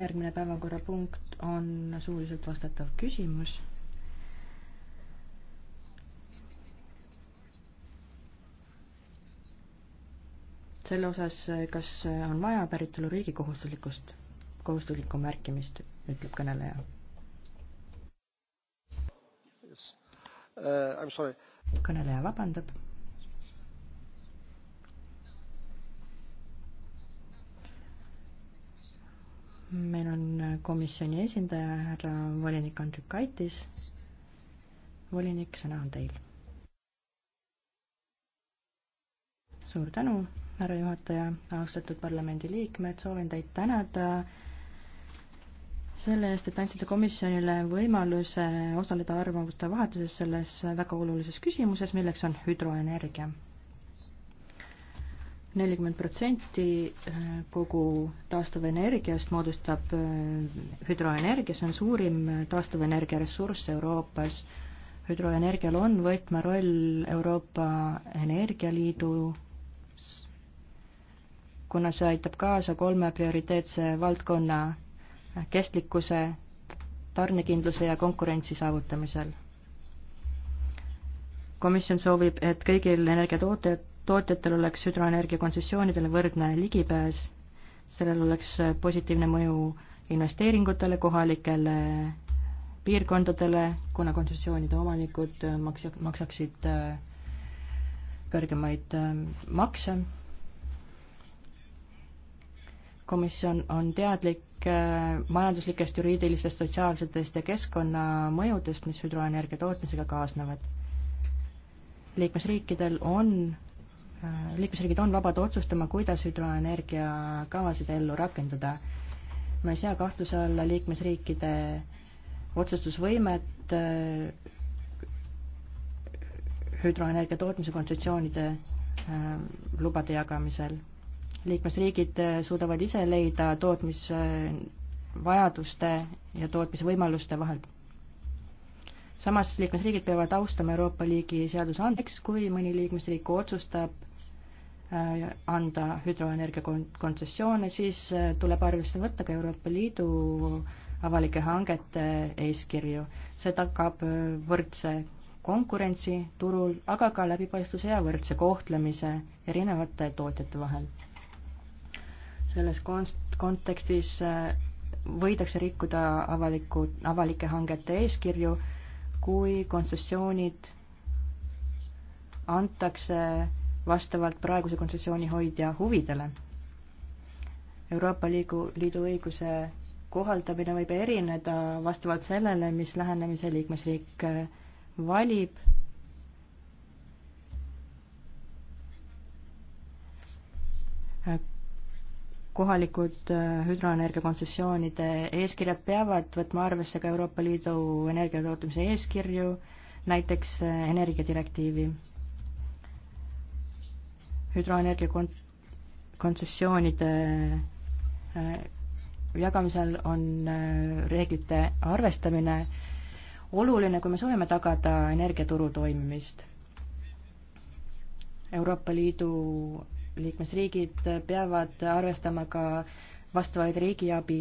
järgmine päevakorrapunkt on suuliselt vastatav küsimus. selle osas, kas on vaja päritoluriigi kohustuslikust, kohustuslikku märkimist, ütleb kõneleja yes.. Uh, kõneleja vabandab meil on komisjoni esindaja härra volinik Andrikaitis. volinik, sõna on teil. suur tänu, härra juhataja, austatud parlamendiliikmed, soovin teid tänada selle eest, et andsite komisjonile võimaluse osaleda arvamuste vahetuses selles väga olulises küsimuses, milleks on hüdroenergia nelikümmend protsenti äh, kogu taastuvenergiast moodustab äh, hüdroenergia, see on suurim äh, taastuvenergia ressurss Euroopas. hüdroenergial on võtmeroll Euroopa Energialiidus, kuna see aitab kaasa kolme prioriteetse valdkonna kestlikkuse, tarnekindluse ja konkurentsi saavutamisel. komisjon soovib, et kõigil energiatootjad tootjatel oleks hüdroenergia kontsessioonidele võrdne ligipääs, sellel oleks positiivne mõju investeeringutele, kohalikele piirkondadele, kuna kontsessioonide omanikud maks-, maksaksid äh, kõrgemaid äh, makse. komisjon on teadlik äh, majanduslikest, juriidilistest, sotsiaalsetest ja keskkonnamõjudest, mis hüdroenergia tootmisega kaasnevad. liikmesriikidel on Äh, liikmesriigid on vabad otsustama, kuidas hüdroenergia kavasid ellu rakendada. ma ei sea kahtluse alla liikmesriikide otsustusvõimet äh, hüdroenergia tootmise kontsessioonide äh, lubade jagamisel. liikmesriigid suudavad ise leida tootmisvajaduste ja tootmisvõimaluste vahelt samas liikmesriigid peavad austama Euroopa Liigi seadusandeks, kui mõni liikmesriik otsustab Äh, anda hüdroenergia kontsessioone, siis äh, tuleb arvesse võtta ka Euroopa Liidu avalike hangete eeskirju. see tagab äh, võrdse konkurentsi turul, aga ka läbipaistvuse ja võrdse kohtlemise erinevate tootjate vahel. selles konst-, kontekstis võidakse rikkuda avaliku, avalike hangete eeskirju, kui kontsessioonid antakse vastavalt praeguse kontsessiooni hoidja huvidele. Euroopa Liidu, Liidu õiguse kohaldamine võib erineda vastavalt sellele, mis lähenemise liikmesriik äh, valib. Äh, kohalikud äh, hüdroenergia kontsessioonide eeskirjad peavad võtma arvesse ka Euroopa Liidu energiatootmise eeskirju, näiteks energiadirektiivi hüdroenergia kon-, kontsessioonide äh, jagamisel on äh, reeglite arvestamine oluline, kui me soovime tagada energiaturu toimimist. Euroopa Liidu liikmesriigid peavad arvestama ka vastavaid riigiabi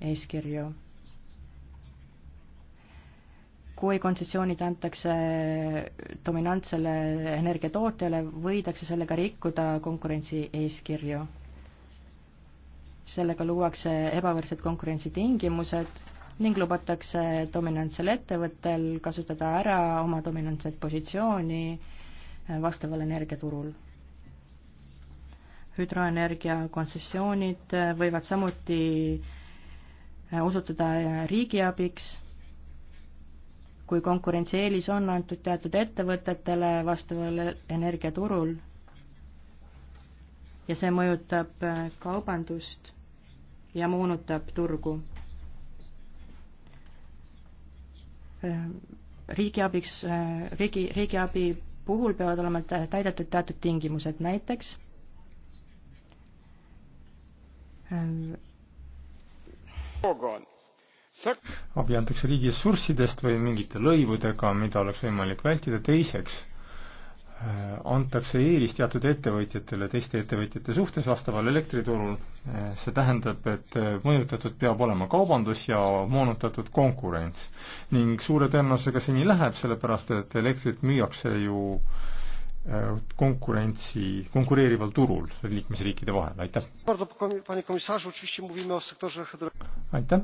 eeskirju kui kontsessioonid antakse dominantsele energiatootjale, võidakse sellega rikkuda konkurentsieeskirju. sellega luuakse ebavõrdsed konkurentsitingimused ning lubatakse dominantsel ettevõttel kasutada ära oma dominantset positsiooni äh, vastaval energiaturul. hüdroenergia kontsessioonid äh, võivad samuti äh, osutuda riigiabiks kui konkurentsieelis on antud teatud ettevõtetele vastaval energiaturul ja see mõjutab äh, kaubandust ja moonutab turgu. Äh, riigiabiks, äh, riigi, riigiabi puhul peavad olema täidetud teatud tingimused, näiteks Ogon abi antakse riigi ressurssidest või mingite lõivudega, mida oleks võimalik vältida, teiseks äh, antakse eelis teatud ettevõtjatele teiste ettevõtjate suhtes vastaval elektriturul. Äh, see tähendab, et äh, mõjutatud peab olema kaubandus ja moonutatud konkurents. ning suure tõenäosusega see nii läheb, sellepärast et elektrit müüakse ju konkurentsi, konkureerival turul liikmesriikide vahel, aitäh. aitäh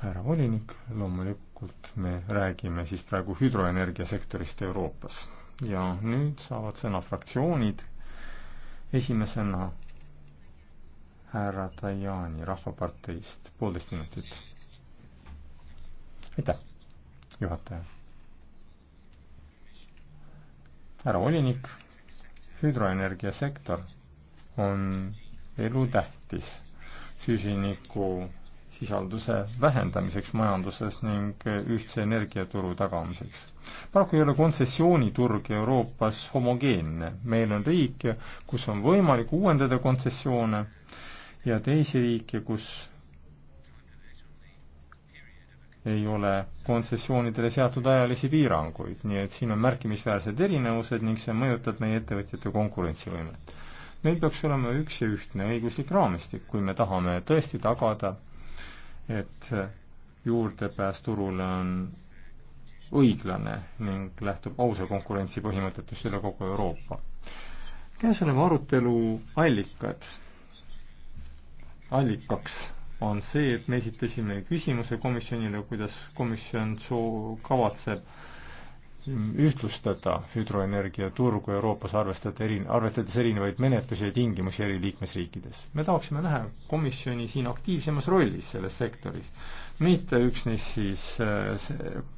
härra volinik, loomulikult me räägime siis praegu hüdroenergiasektorist Euroopas ja nüüd saavad sõna fraktsioonid. esimesena härra Tajani Rahvaparteist, poolteist minutit. aitäh, juhataja. härra volinik, hüdroenergiasektor on elutähtis süsiniku sisalduse vähendamiseks majanduses ning ühtse energiaturu tagamiseks. paraku ei ole kontsessiooniturg Euroopas homogeenne. meil on riike, kus on võimalik uuendada kontsessioone ja teisi riike, kus ei ole kontsessioonidele seatud ajalisi piiranguid, nii et siin on märkimisväärsed erinevused ning see mõjutab meie ettevõtjate konkurentsivõimet. meil peaks olema üks ja ühtne õiguslik raamistik, kui me tahame tõesti tagada et juurdepääs turule on õiglane ning lähtub ausa konkurentsi põhimõtetest üle kogu Euroopa. käesoleva arutelu allikad, allikaks on see, et me esitasime küsimuse komisjonile, kuidas komisjon soo-, kavatseb äh, ühtlustada hüdroenergia turgu Euroopas, arvestada eri, arvestades erinevaid menetlusi ja tingimusi eri liikmesriikides. me tahaksime näha komisjoni siin aktiivsemas rollis selles sektoris, mitte üksnes siis äh,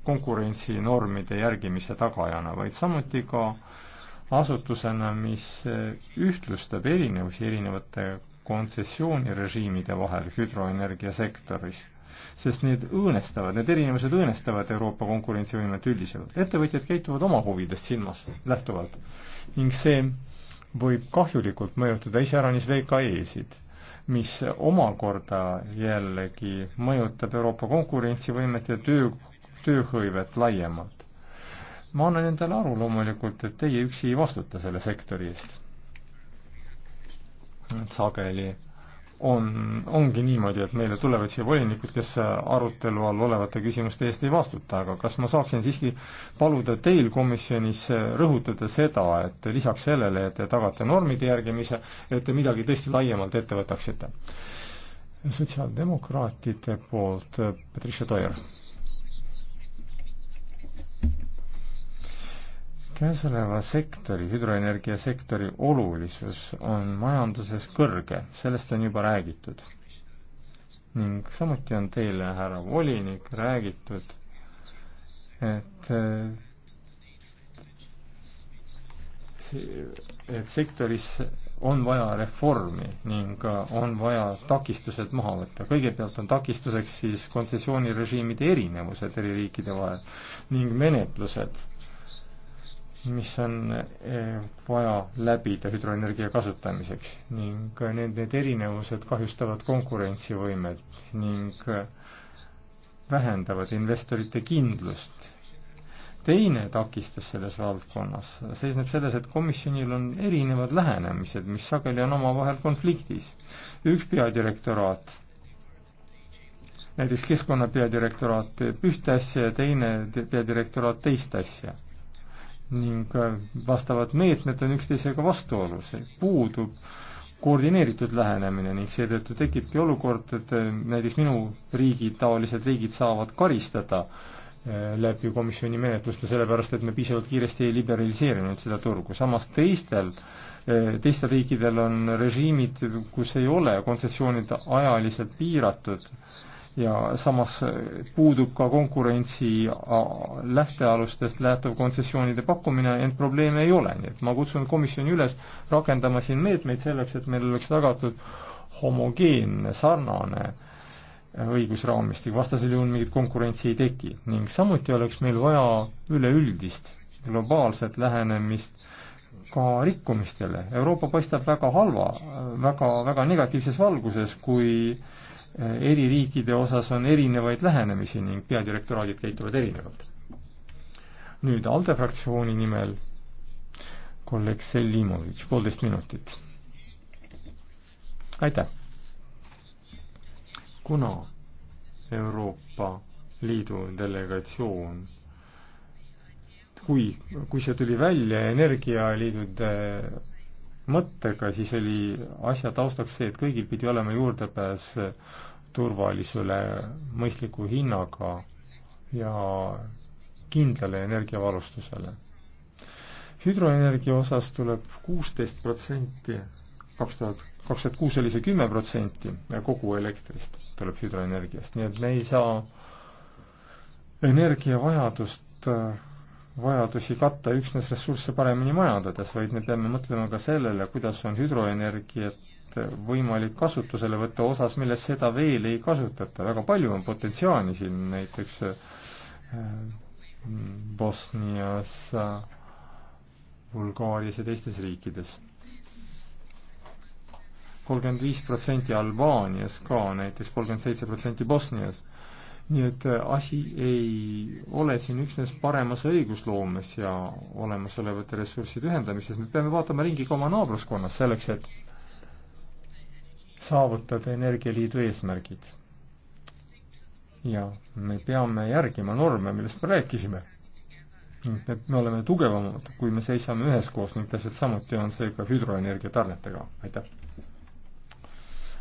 konkurentsinormide järgimise tagajana, vaid samuti ka asutusena, mis äh, ühtlustab erinevusi erinevate kontsessioonirežiimide vahel hüdroenergia sektoris sest need õõnestavad, need erinevused õõnestavad Euroopa konkurentsivõimet üldiselt. ettevõtjad käituvad oma huvidest silmas lähtuvalt ning see võib kahjulikult mõjutada iseäranis VKE-sid, mis omakorda jällegi mõjutab Euroopa konkurentsivõimet ja töö, tööhõivet laiemalt. ma annan endale aru loomulikult, et teie üksi ei vastuta selle sektori eest. sageli on, ongi niimoodi, et meile tulevad siia volinikud, kes arutelu all olevate küsimuste eest ei vastuta, aga kas ma saaksin siiski paluda teil komisjonis rõhutada seda, et lisaks sellele, et te tagate normide järgimise, et te midagi tõesti laiemalt ette võtaksite? sotsiaaldemokraatide poolt Patricia Toier käesoleva sektori, hüdroenergiasektori olulisus on majanduses kõrge, sellest on juba räägitud. ning samuti on teile, härra volinik, räägitud, et et sektoris on vaja reformi ning on vaja takistused maha võtta. kõigepealt on takistuseks siis kontsessioonirežiimide erinevused eri riikide vahel ning menetlused mis on eh, vaja läbida hüdroenergia kasutamiseks ning need, need erinevused kahjustavad konkurentsivõimet ning vähendavad investorite kindlust. teine takistus selles valdkonnas seisneb selles, et komisjonil on erinevad lähenemised, mis sageli on omavahel konfliktis. üks peadirektoraat näiteks keskkonna peadirektoraat teeb ühte asja ja teine peadirektoraat teist asja ning äh, vastavad meetmed on üksteisega vastuolus, puudub koordineeritud lähenemine ning seetõttu tekibki olukord, et äh, näiteks minu riigi, taolised riigid saavad karistada äh, läbi komisjoni menetluste, sellepärast et me piisavalt kiiresti ei liberaliseerinud seda turgu, samas teistel, teistel riikidel on režiimid, kus ei ole kontsessioonid ajaliselt piiratud ja samas puudub ka konkurentsi lähtealustest lähtuv kontsessioonide pakkumine, ent probleeme ei ole, nii et ma kutsun komisjoni üles rakendama siin meetmeid selleks, et meil oleks tagatud homogeenne, sarnane äh, õigusraamistik, vastasel juhul mingit konkurentsi ei teki ning samuti oleks meil vaja üleüldist globaalset lähenemist ka rikkumistele. Euroopa paistab väga halva, väga, väga negatiivses valguses, kui äh, Äh, eri riikide osas on erinevaid lähenemisi ning peadirektoraadid käituvad erinevalt. nüüd ALDE fraktsiooni nimel kolleeg Selimovitš, poolteist minutit. aitäh! kuna Euroopa Liidu delegatsioon kui, kui see tuli välja energialiidude äh, mõttega, siis oli asja taustaks see, et kõigil pidi olema juurdepääs turvalisele, mõistliku hinnaga ja kindlale energiavarustusele. hüdroenergia osas tuleb kuusteist protsenti, kaks tuhat kaks tuhat kuus oli see kümme protsenti kogu elektrist tuleb hüdroenergiast, nii et me ei saa energiavajadust äh, vajadusi katta üksnes ressursse paremini majandades, vaid me peame mõtlema ka sellele, kuidas on hüdroenergiat võimalik kasutusele võtta osas, milles seda veel ei kasutata. väga palju on potentsiaali siin näiteks äh, Bosnias, Bulgaarias ja teistes riikides. kolmkümmend viis protsenti Albaanias ka näiteks, kolmkümmend seitse protsenti Bosnias nii et äh, asi ei ole siin üksnes paremas õigusloomes ja olemasolevate ressursside ühendamises, me peame vaatama ringi ka oma naabruskonnas selleks, et saavutada Energialiidu eesmärgid. ja me peame järgima norme, millest me rääkisime. et me oleme tugevamad, kui me seisame üheskoos ning täpselt samuti on see ka hüdroenergia tarnetega, aitäh!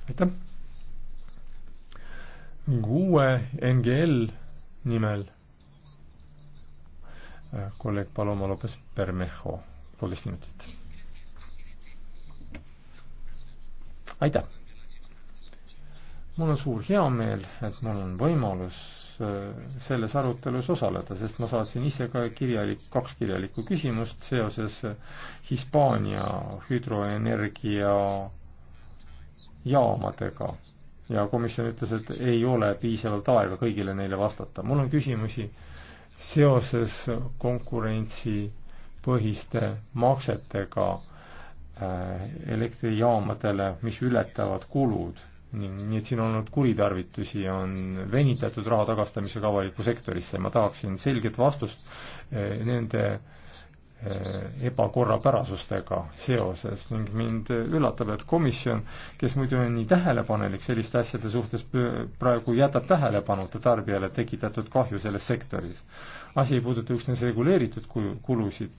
aitäh! GUE NGL nimel kolleeg Paloma Lopez Bermejo, poolteist minutit. aitäh! mul on suur heameel, et mul on võimalus äh, selles arutelus osaleda, sest ma saatsin ise ka kirjalik, kaks kirjalikku küsimust seoses äh, Hispaania hüdroenergia jaamadega ja komisjon ütles, et ei ole piisavalt aega kõigile neile vastata. mul on küsimusi seoses konkurentsipõhiste maksetega äh, elektrijaamadele, mis ületavad kulud ning nii et siin on olnud kuritarvitusi ja on venitatud raha tagastamisega avalikku sektorisse, ma tahaksin selget vastust äh, nende äh, Eh, ebakorrapärasustega seoses ning mind üllatab, et komisjon, kes muidu on nii tähelepanelik selliste asjade suhtes, praegu jätab tähelepanuta tarbijale tekitatud kahju selles sektoris. asi ei puuduta üksnes reguleeritud kulusid,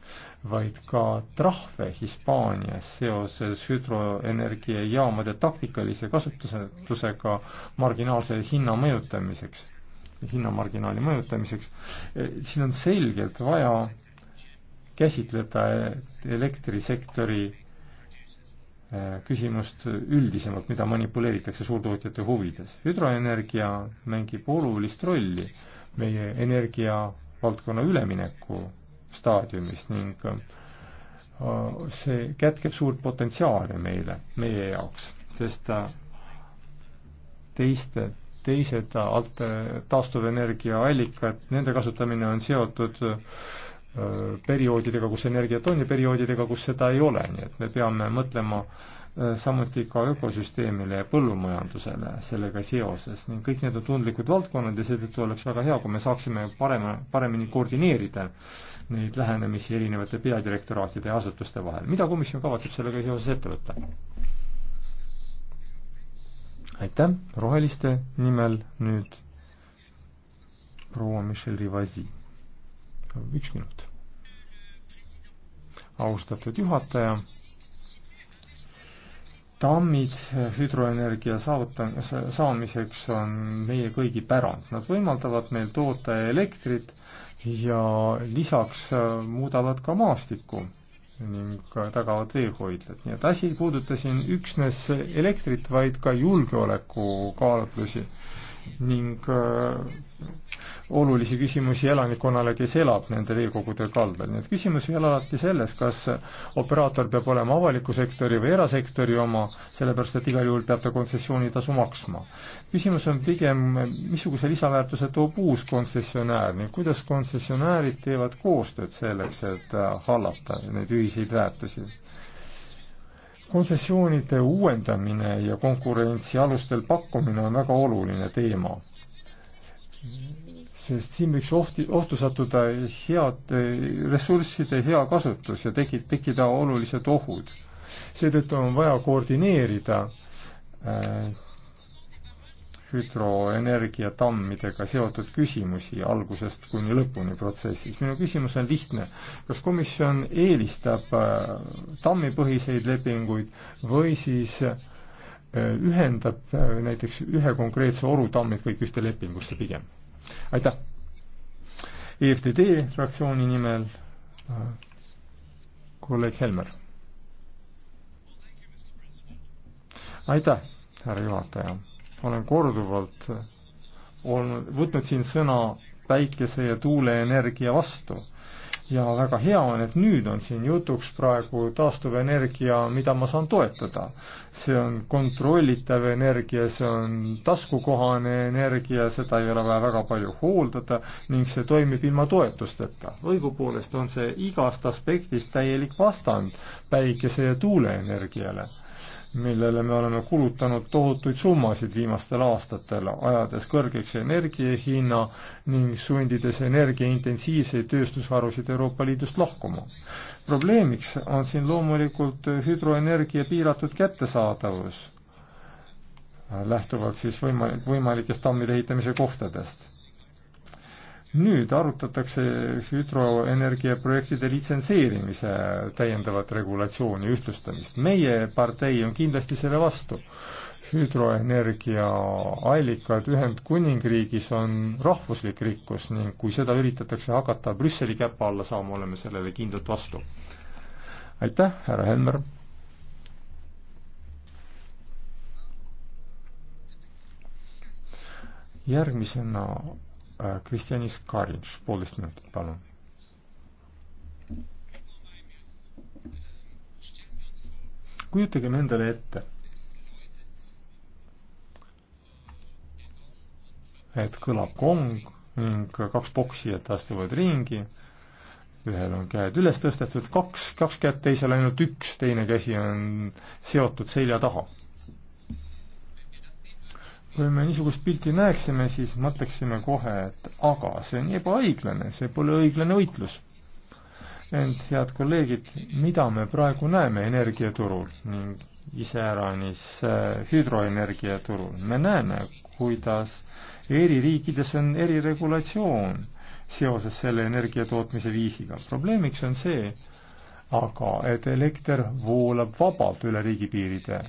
vaid ka trahve Hispaanias seoses hüdroenergiajaamade taktikalise kasutusega marginaalse hinna mõjutamiseks, hinnamarginaali mõjutamiseks, eh, siin on selgelt vaja käsitleda elektrisektori eh, küsimust üldisemalt, mida manipuleeritakse suurtootjate huvides. hüdroenergia mängib olulist rolli meie energiavaldkonna ülemineku staadiumis ning eh, see kätkeb suurt potentsiaali meile, meie jaoks, sest eh, teiste, teised alt-, taastuvenergiaallikad, nende kasutamine on seotud äh, Äh, perioodidega, kus energiat on ja perioodidega, kus seda ei ole, nii et me peame mõtlema äh, samuti ka ökosüsteemile ja põllumajandusele sellega seoses ning kõik need on tundlikud valdkonnad ja seetõttu oleks väga hea, kui me saaksime parema, paremini koordineerida neid lähenemisi erinevate peadirektoraatide ja asutuste vahel. mida komisjon kavatseb sellega seoses ette võtta? aitäh, roheliste nimel nüüd proua Michelle Rivasi üks minut. austatud juhataja, tammid hüdroenergia saavutamis, saamiseks on meie kõigi pärand, nad võimaldavad meil toota elektrit ja lisaks muudavad ka maastikku ning tagavad veehoidlad, nii et asi ei puuduta siin üksnes elektrit, vaid ka julgeoleku kaalutlusi ning äh, olulisi küsimusi elanikkonnale, kes elab nende veekogude kaldal. nii et küsimus ei ole alati selles, kas operaator peab olema avaliku sektori või erasektori oma, sellepärast et igal juhul peab ta kontsessioonitasu maksma. küsimus on pigem, missuguse lisaväärtuse toob uus kontsessionäär ning kuidas kontsessionäärid teevad koostööd selleks, et äh, hallata neid ühiseid väärtusi kontsessioonide uuendamine ja konkurentsi alustel pakkumine on väga oluline teema, sest siin võiks ohti, ohtu sattuda head ressursside hea kasutus ja teki-, tekkida olulised ohud. seetõttu on vaja koordineerida äh, hüdroenergia tammidega seotud küsimusi algusest kuni lõpuni protsessis. minu küsimus on lihtne. kas komisjon eelistab äh, tammipõhiseid lepinguid või siis äh, ühendab äh, näiteks ühe konkreetse oru tammid kõik ühte lepingusse pigem? aitäh! EFTD fraktsiooni nimel kolleeg Helmer. aitäh, härra juhataja olen korduvalt olnud, võtnud siin sõna päikese ja tuuleenergia vastu. ja väga hea on, et nüüd on siin jutuks praegu taastuvenergia, mida ma saan toetada. see on kontrollitav energia, see on taskukohane energia, seda ei ole vaja väga palju hooldada ning see toimib ilma toetusteta. õigupoolest on see igast aspektist täielik vastand päikese ja tuuleenergiale millele me oleme kulutanud tohutuid summasid viimastel aastatel, ajades kõrgeks energiahinna ning sundides energiaintensiivseid tööstusharusid Euroopa Liidust lahkuma. probleemiks on siin loomulikult hüdroenergia piiratud kättesaadavus, lähtuvalt siis võimalik, võimalikest tammide ehitamise kohtadest nüüd arutatakse hüdroenergiaprojektide litsenseerimise täiendavat regulatsiooni ühtlustamist. meie partei on kindlasti selle vastu. hüdroenergiaallikad Ühendkuningriigis on rahvuslik rikkus ning kui seda üritatakse hakata Brüsseli käpa alla saama, oleme sellele kindlalt vastu. aitäh, härra Helmer! järgmisena Kristjanis Karinš, poolteist minutit, palun. kujutagem endale ette, et kõlab kong ning kaks poksijat astuvad ringi, ühel on käed üles tõstetud, kaks, kaks kätt, teisel ainult üks, teine käsi on seotud selja taha kui me niisugust pilti näeksime, siis mõtleksime kohe, et aga see on ebaõiglane, see pole õiglane võitlus. ent head kolleegid, mida me praegu näeme energiaturul ning iseäranis äh, hüdroenergiaturul, me näeme, kuidas eri riikides on eriregulatsioon seoses selle energiatootmise viisiga. probleemiks on see, aga et elekter voolab vabalt üle riigipiiride,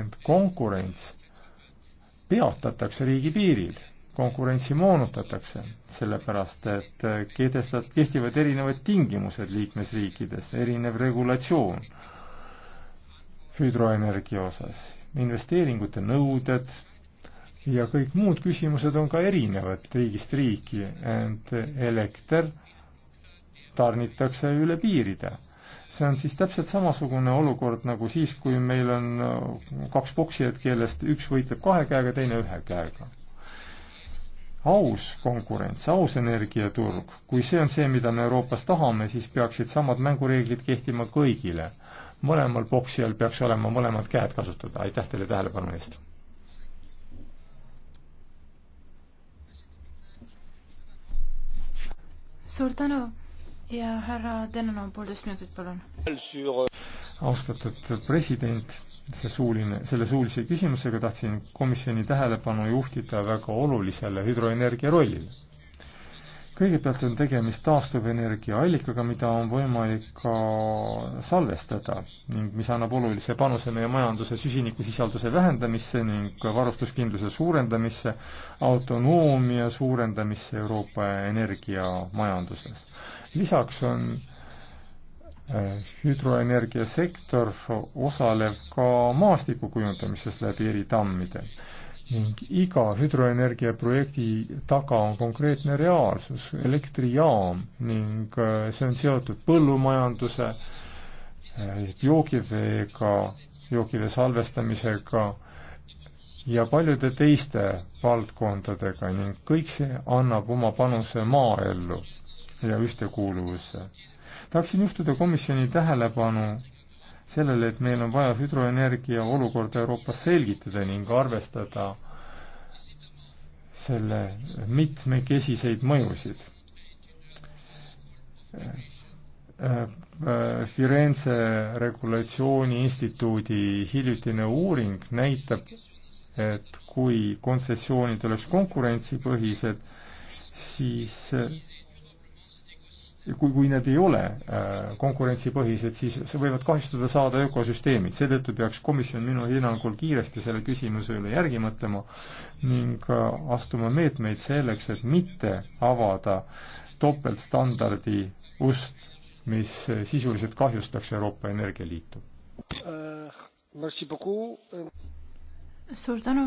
ent konkurents peatatakse riigipiiril, konkurentsi moonutatakse, sellepärast et kehtestat-, kehtivad erinevad tingimused liikmesriikides, erinev regulatsioon hüdroenergia osas, investeeringute nõuded ja kõik muud küsimused on ka erinevad riigist riiki, ent elekter tarnitakse üle piiride see on siis täpselt samasugune olukord nagu siis, kui meil on äh, kaks poksijat, kellest üks võitleb kahe käega, teine ühe käega. aus konkurents, aus energiaturg, kui see on see, mida me Euroopas tahame, siis peaksid samad mängureeglid kehtima kõigile. mõlemal poksijal peaks olema mõlemad käed kasutada, aitäh teile tähelepanu eest! suur tänu! ja härra Dennon, poolteist minutit, palun. austatud president, see suuline, selle suulise küsimusega tahtsin komisjoni tähelepanu juhtida väga olulisele hüdroenergia rollile kõigepealt on tegemist taastuvenergia allikaga, mida on võimalik ka salvestada ning mis annab olulise panuse meie majanduse süsinikusisalduse vähendamisse ning varustuskindluse suurendamisse, autonoomia suurendamisse Euroopa energiamajanduses. lisaks on äh, hüdroenergia sektor osalev ka maastiku kujundamises läbi eritammide ning iga hüdroenergia projekti taga on konkreetne reaalsus, elektrijaam ning äh, see on seotud põllumajanduse, äh, joogiveega, joogivee salvestamisega ja paljude teiste valdkondadega ning kõik see annab oma panuse maaellu ja ühtekuuluvusse. tahaksin juhtida komisjoni tähelepanu sellele, et meil on vaja hüdroenergia olukorda Euroopas selgitada ning arvestada selle mitmekesiseid mõjusid. Firenze Regulatsiooni Instituudi hiljutine uuring näitab, et kui kontsessioonid oleks konkurentsipõhised, siis kui, kui need ei ole äh, konkurentsipõhised, siis võivad kahjustada saada ökosüsteemid, seetõttu peaks komisjon minu hinnangul kiiresti selle küsimuse üle järgi mõtlema ning äh, astuma meetmeid selleks, et mitte avada topeltstandardi ust, mis sisuliselt kahjustaks Euroopa Energialiitu uh,. suur tänu.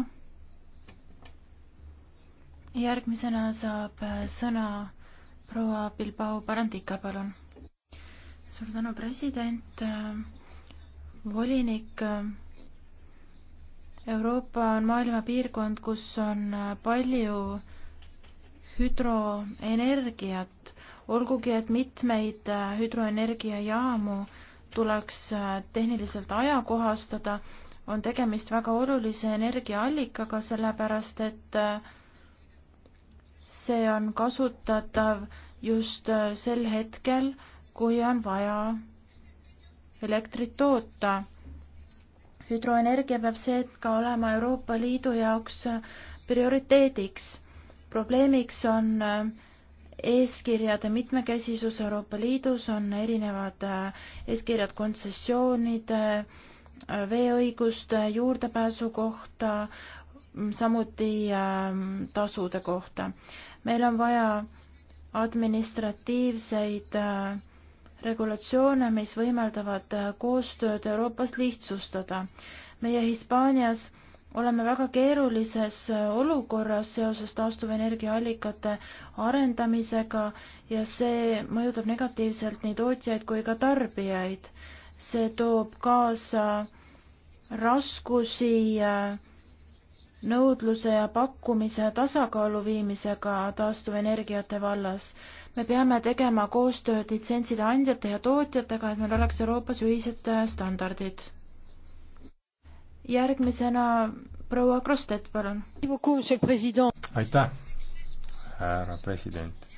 järgmisena saab sõna proua Bilbao Barandika, palun. suur tänu, president, volinik. Euroopa on maailma piirkond, kus on palju hüdroenergiat, olgugi et mitmeid hüdroenergiajaamu tuleks tehniliselt ajakohastada, on tegemist väga olulise energiaallikaga, sellepärast et äh, see on kasutatav just äh, sel hetkel, kui on vaja elektrit toota. hüdroenergia peab seega olema Euroopa Liidu jaoks äh, prioriteediks. probleemiks on äh, eeskirjade mitmekesisus Euroopa Liidus, on erinevad eeskirjad kontsessioonide, veeõiguste juurdepääsu kohta, samuti ähm, tasude kohta. meil on vaja administratiivseid äh, regulatsioone, mis võimaldavad äh, koostööd Euroopas lihtsustada. meie Hispaanias oleme väga keerulises äh, olukorras seoses taastuvenergiaallikate arendamisega ja see mõjutab negatiivselt nii tootjaid kui ka tarbijaid. see toob kaasa raskusi äh, nõudluse ja pakkumise tasakaalu viimisega taastuvenergiate vallas. me peame tegema koostööd litsentside andjate ja tootjatega, et meil oleks Euroopas ühised standardid. järgmisena proua Krostet, palun. aitäh, härra president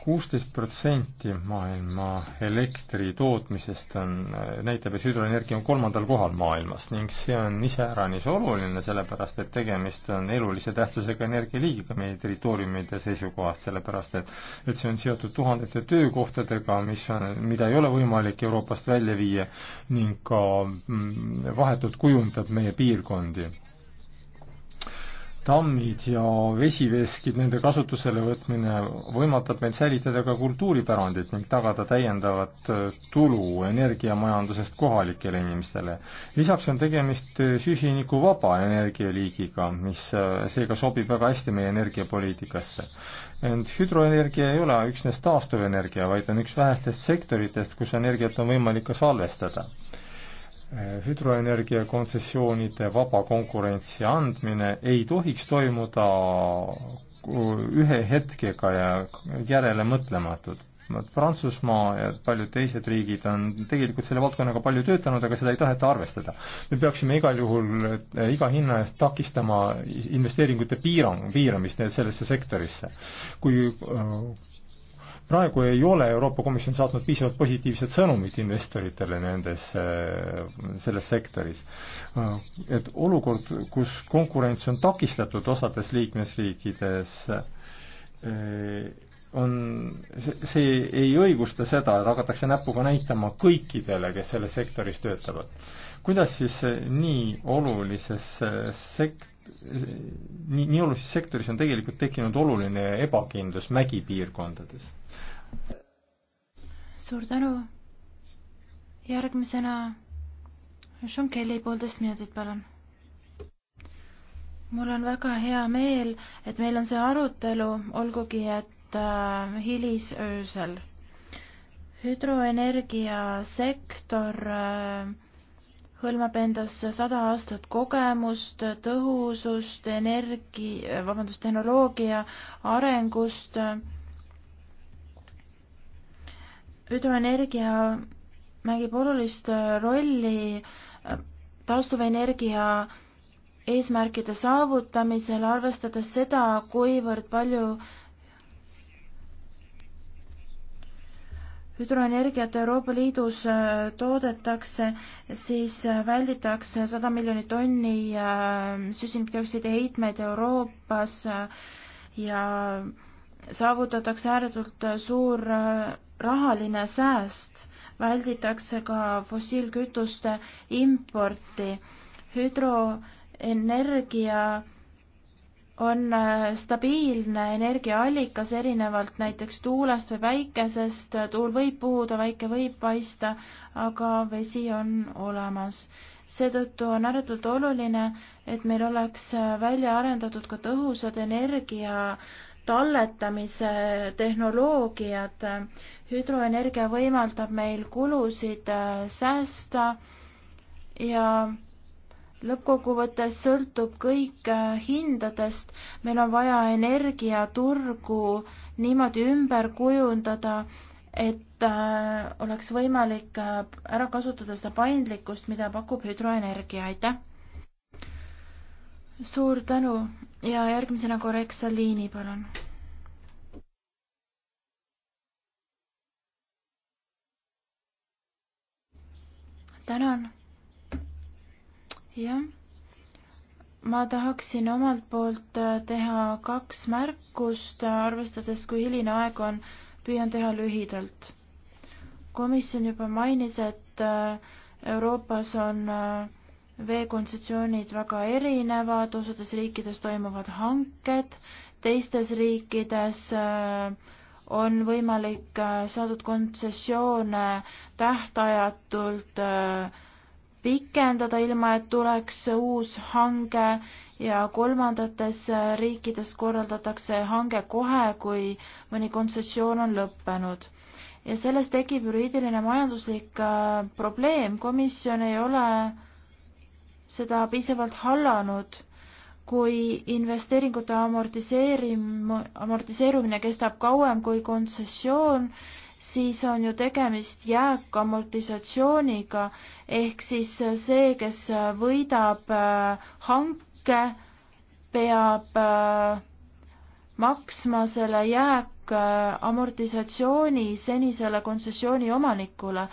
kuusteist protsenti maailma elektri tootmisest on, näitab, et hüdroenergia on kolmandal kohal maailmas ning see on iseäranis oluline, sellepärast et tegemist on elulise tähtsusega energialiigiga meie territooriumide seisukohast, sellepärast et et see on seotud tuhandete töökohtadega, mis on, mida ei ole võimalik Euroopast välja viia ning ka mm, vahetult kujundab meie piirkondi tammid ja vesiveskid, nende kasutusele võtmine võimaldab meil säilitada ka kultuuripärandit ning tagada täiendavat äh, tulu energiamajandusest kohalikele inimestele. lisaks on tegemist äh, süsinikuvaba energialiigiga, mis äh, seega sobib väga hästi meie energiapoliitikasse. ent hüdroenergia ei ole üksnes taastuvenergia, vaid on üks vähestest sektoritest, kus energiat on võimalik ka salvestada hüdroenergia kontsessioonide vaba konkurentsi andmine ei tohiks toimuda ühe hetkega ja järele mõtlematult. Prantsusmaa ja paljud teised riigid on tegelikult selle valdkonnaga palju töötanud, aga seda ei taheta arvestada. me peaksime igal juhul eh, iga hinna eest takistama investeeringute piirang, piiramist sellesse sektorisse. kui eh, praegu ei ole Euroopa Komisjon saatnud piisavalt positiivset sõnumit investoritele nendes, äh, selles sektoris. Äh, et olukord, kus konkurents on takistatud osades liikmesriikides, äh, on, see ei õigusta seda, et hakatakse näpuga näitama kõikidele, kes selles sektoris töötavad. kuidas siis eh, nii olulises eh, sekt-, nii, nii olulises sektoris on tegelikult tekkinud oluline ebakindlus mägipiirkondades? suur tänu, järgmisena Sean Kelly, poolteist minutit, palun mul on väga hea meel, et meil on see arutelu, olgugi et Äh, hilisöösel. hüdroenergiasektor äh, hõlmab endas sada aastat kogemust, tõhusust, energi-, äh, vabandust, tehnoloogia arengust. hüdroenergia mängib olulist rolli taastuvenergia eesmärkide saavutamisel, arvestades seda, kuivõrd palju äh, hüdroenergiat Euroopa Liidus äh, toodetakse, siis äh, välditakse sada miljonit tonni äh, süsinikdioksidi heitmeid Euroopas ja saavutatakse ääretult suur rahaline sääst, välditakse ka fossiilkütuste importi. hüdroenergia on äh, stabiilne energiaallikas erinevalt näiteks tuulest või päikesest, tuul võib puhuda, päike võib paista, aga vesi on olemas. seetõttu on ääretult oluline, et meil oleks äh, välja arendatud ka tõhusad energia talletamise tehnoloogiad. hüdroenergia võimaldab meil kulusid äh, säästa ja lõppkokkuvõttes sõltub kõik äh, hindadest, meil on vaja energiaturgu niimoodi ümber kujundada, et äh, oleks võimalik äh, ära kasutada seda paindlikkust, mida pakub hüdroenergia, aitäh! suur tänu ja järgmisena korrekt Salini, palun! tänan jah, ma tahaksin omalt poolt äh, teha kaks märkust, äh, arvestades, kui hiline aeg on, püüan teha lühidalt. komisjon juba mainis, et äh, Euroopas on veekontsessioonid väga erinevad, osades riikides toimuvad hanked, teistes riikides on võimalik saadud kontsessioone tähtajatult äh, pikendada, ilma et tuleks uus hange ja kolmandates riikides korraldatakse hange kohe, kui mõni kontsessioon on lõppenud. ja sellest tekib juriidiline majanduslik äh, probleem, komisjon ei ole seda piisavalt hallanud kui investeeringute amortiseerim-, amortiseerumine kestab kauem kui kontsessioon, siis on ju tegemist jääkamortisatsiooniga ehk siis see, kes võidab äh, hanke, peab äh, maksma selle jääk amortisatsiooni senisele kontsessiooni omanikule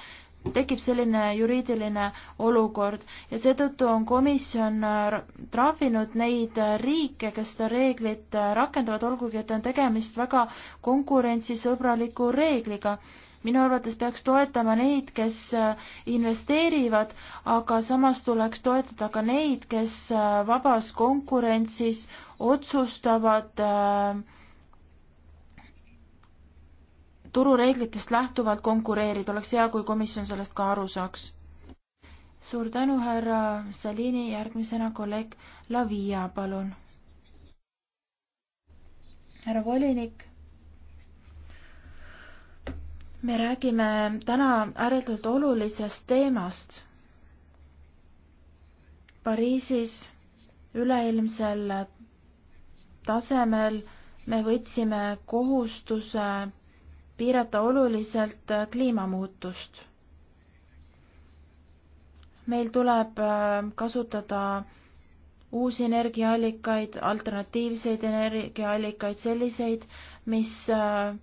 tekib selline juriidiline olukord ja seetõttu on komisjon äh, trahvinud neid äh, riike, kes seda reeglit äh, rakendavad, olgugi et on tegemist väga konkurentsisõbraliku reegliga. minu arvates peaks toetama neid, kes investeerivad, aga samas tuleks toetada ka neid, kes vabas konkurentsis otsustavad äh, turureeglitest lähtuvalt konkureerida, oleks hea, kui komisjon sellest ka aru saaks. suur tänu, härra Salini, järgmisena kolleeg Lavia, palun. härra volinik, me räägime täna ääretult olulisest teemast. Pariisis üleilmsel tasemel me võtsime kohustuse piirata oluliselt äh, kliimamuutust. meil tuleb äh, kasutada uusi energiaallikaid, alternatiivseid energiaallikaid, selliseid, mis äh,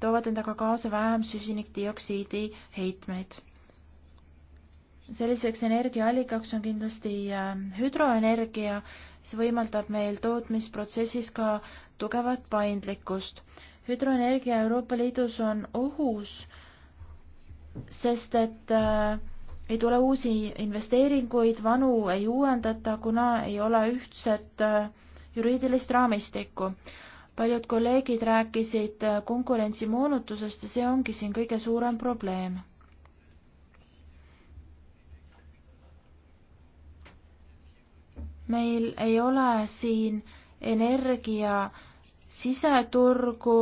toovad endaga kaasa vähem süsinikdioksiidi heitmeid. selliseks energiaallikaks on kindlasti hüdroenergia, see võimaldab meil tootmisprotsessis ka tugevat paindlikkust hüdroenergia Euroopa Liidus on ohus, sest et äh, ei tule uusi investeeringuid, vanu ei uuendata, kuna ei ole ühtset äh, juriidilist raamistikku. paljud kolleegid rääkisid äh, konkurentsimoonutusest ja see ongi siin kõige suurem probleem. meil ei ole siin energia äh, siseturgu,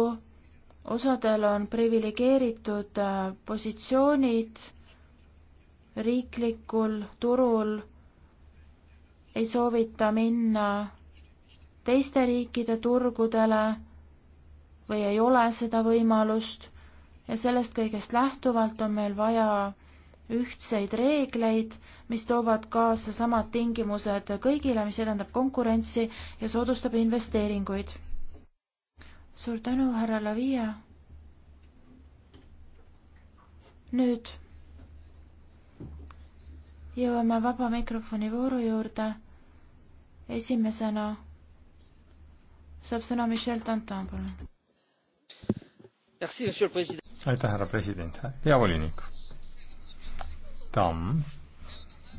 osadel on priviligeeritud äh, positsioonid riiklikul turul, ei soovita minna teiste riikide turgudele või ei ole seda võimalust ja sellest kõigest lähtuvalt on meil vaja ühtseid reegleid, mis toovad kaasa samad tingimused kõigile, mis edendab konkurentsi ja soodustab investeeringuid suur tänu, härra Lavia. nüüd jõuame vaba mikrofoni vooru juurde. esimesena saab sõna Michel Danton, palun. aitäh, härra president, hea volinik. tamm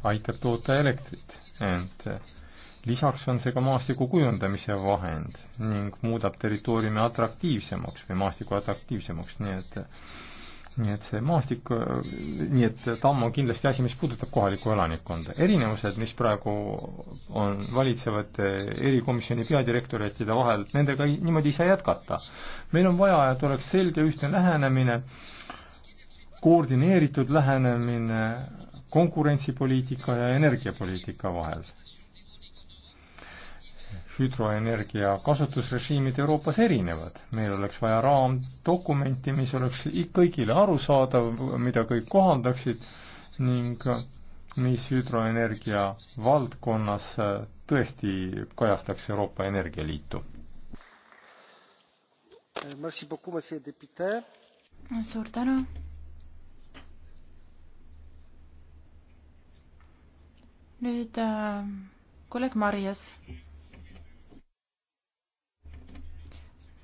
aitab toota elektrit, ent lisaks on see ka maastiku kujundamise vahend ning muudab territooriumi atraktiivsemaks või maastiku atraktiivsemaks, nii et nii et see maastik, nii et tamm on kindlasti asi, mis puudutab kohalikku elanikkonda. erinevused, mis praegu on, valitsevad erikomisjoni peadirektoritide vahel, nendega ei, niimoodi ei saa jätkata. meil on vaja, et oleks selge ühtne lähenemine, koordineeritud lähenemine konkurentsipoliitika ja energiapoliitika vahel hüdroenergia kasutusrežiimid Euroopas erinevad. meil oleks vaja raamdokumenti, mis oleks kõigile arusaadav, mida kõik kohandaksid ning mis hüdroenergia valdkonnas äh, tõesti kajastaks Euroopa Energialiitu. suur tänu. nüüd äh, kolleeg Marjas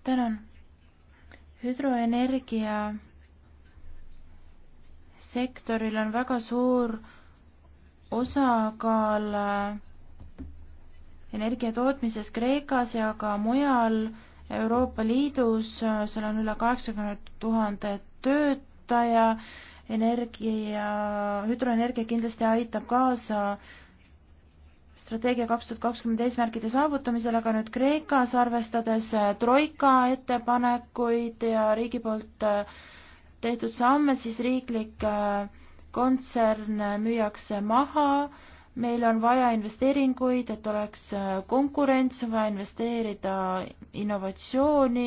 tänan. hüdroenergia sektoril on väga suur osakaal äh, energia tootmises Kreekas ja ka mujal Euroopa Liidus, seal on üle kaheksakümne tuhande töötaja, energia, hüdroenergia kindlasti aitab kaasa strateegia kaks tuhat kakskümmend eesmärkide saavutamisel, aga nüüd Kreekas, arvestades äh, troika ettepanekuid ja riigi poolt äh, tehtud samme, siis riiklik äh, kontsern müüakse maha, meil on vaja investeeringuid, et oleks konkurents, on vaja investeerida innovatsiooni,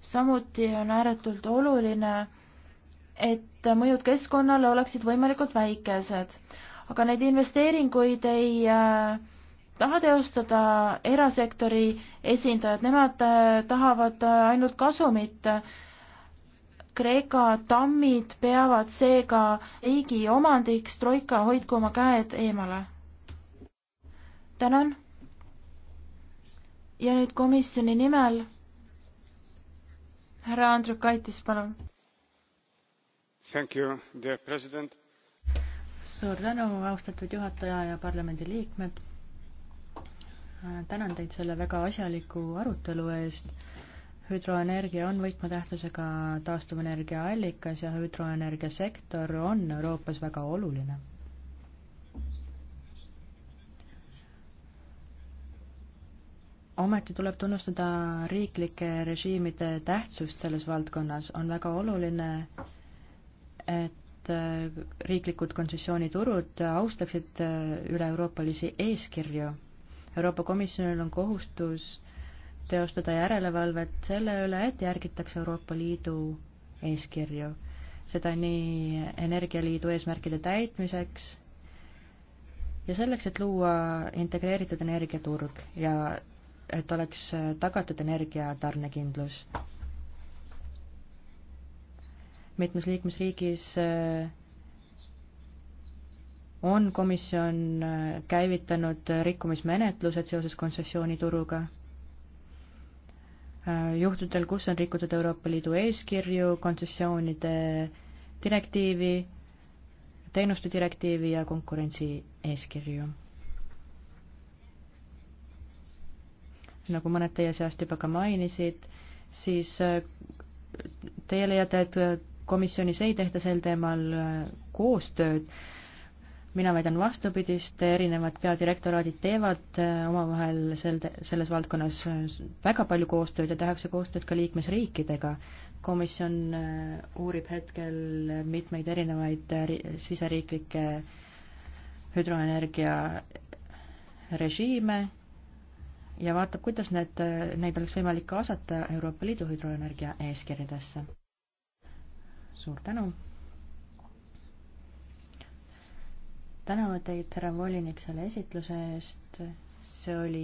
samuti on ääretult oluline, et mõjud keskkonnale oleksid võimalikult väikesed aga neid investeeringuid ei äh, taha teostada erasektori esindajad, nemad äh, tahavad äh, ainult kasumit. Kreeka tammid peavad seega riigi omandiks, troika, hoidku oma käed eemale. tänan. ja nüüd komisjoni nimel härra Andrukaitis, palun. Thank you, dear president suur tänu, austatud juhataja ja parlamendiliikmed. tänan teid selle väga asjaliku arutelu eest. hüdroenergia on võtmetähtsusega taastuvenergia allikas ja hüdroenergia sektor on Euroopas väga oluline ometi tuleb tunnustada riiklike režiimide tähtsust selles valdkonnas, on väga oluline, et et äh, riiklikud kontsessiooniturud austaksid äh, üle-euroopalisi eeskirju. Euroopa Komisjonil on kohustus teostada järelevalvet selle üle, et järgitakse Euroopa Liidu eeskirju. seda nii Energialiidu eesmärkide täitmiseks ja selleks, et luua integreeritud energiaturg ja et oleks tagatud energia tarnekindlus mitmes liikmesriigis äh, on komisjon äh, käivitanud rikkumismenetlused seoses kontsessioonituruga. Äh, juhtudel, kus on rikutud Euroopa Liidu eeskirju, kontsessioonide direktiivi, teenuste direktiivi ja konkurentsi eeskirju. nagu mõned teie seast juba ka mainisid, siis teie leiate, et komisjonis ei tehta sel teemal äh, koostööd. mina väidan vastupidist, erinevad peadirektoraadid teevad äh, omavahel sel, selles valdkonnas äh, väga palju koostööd ja tehakse koostööd ka liikmesriikidega. komisjon uurib hetkel mitmeid erinevaid siseriiklikke hüdroenergia režiime ja vaatab, kuidas need, neid oleks võimalik kaasata Euroopa Liidu hüdroenergia eeskirjadesse suur tänu. tänavad teid, härra volinik, selle esitluse eest, see oli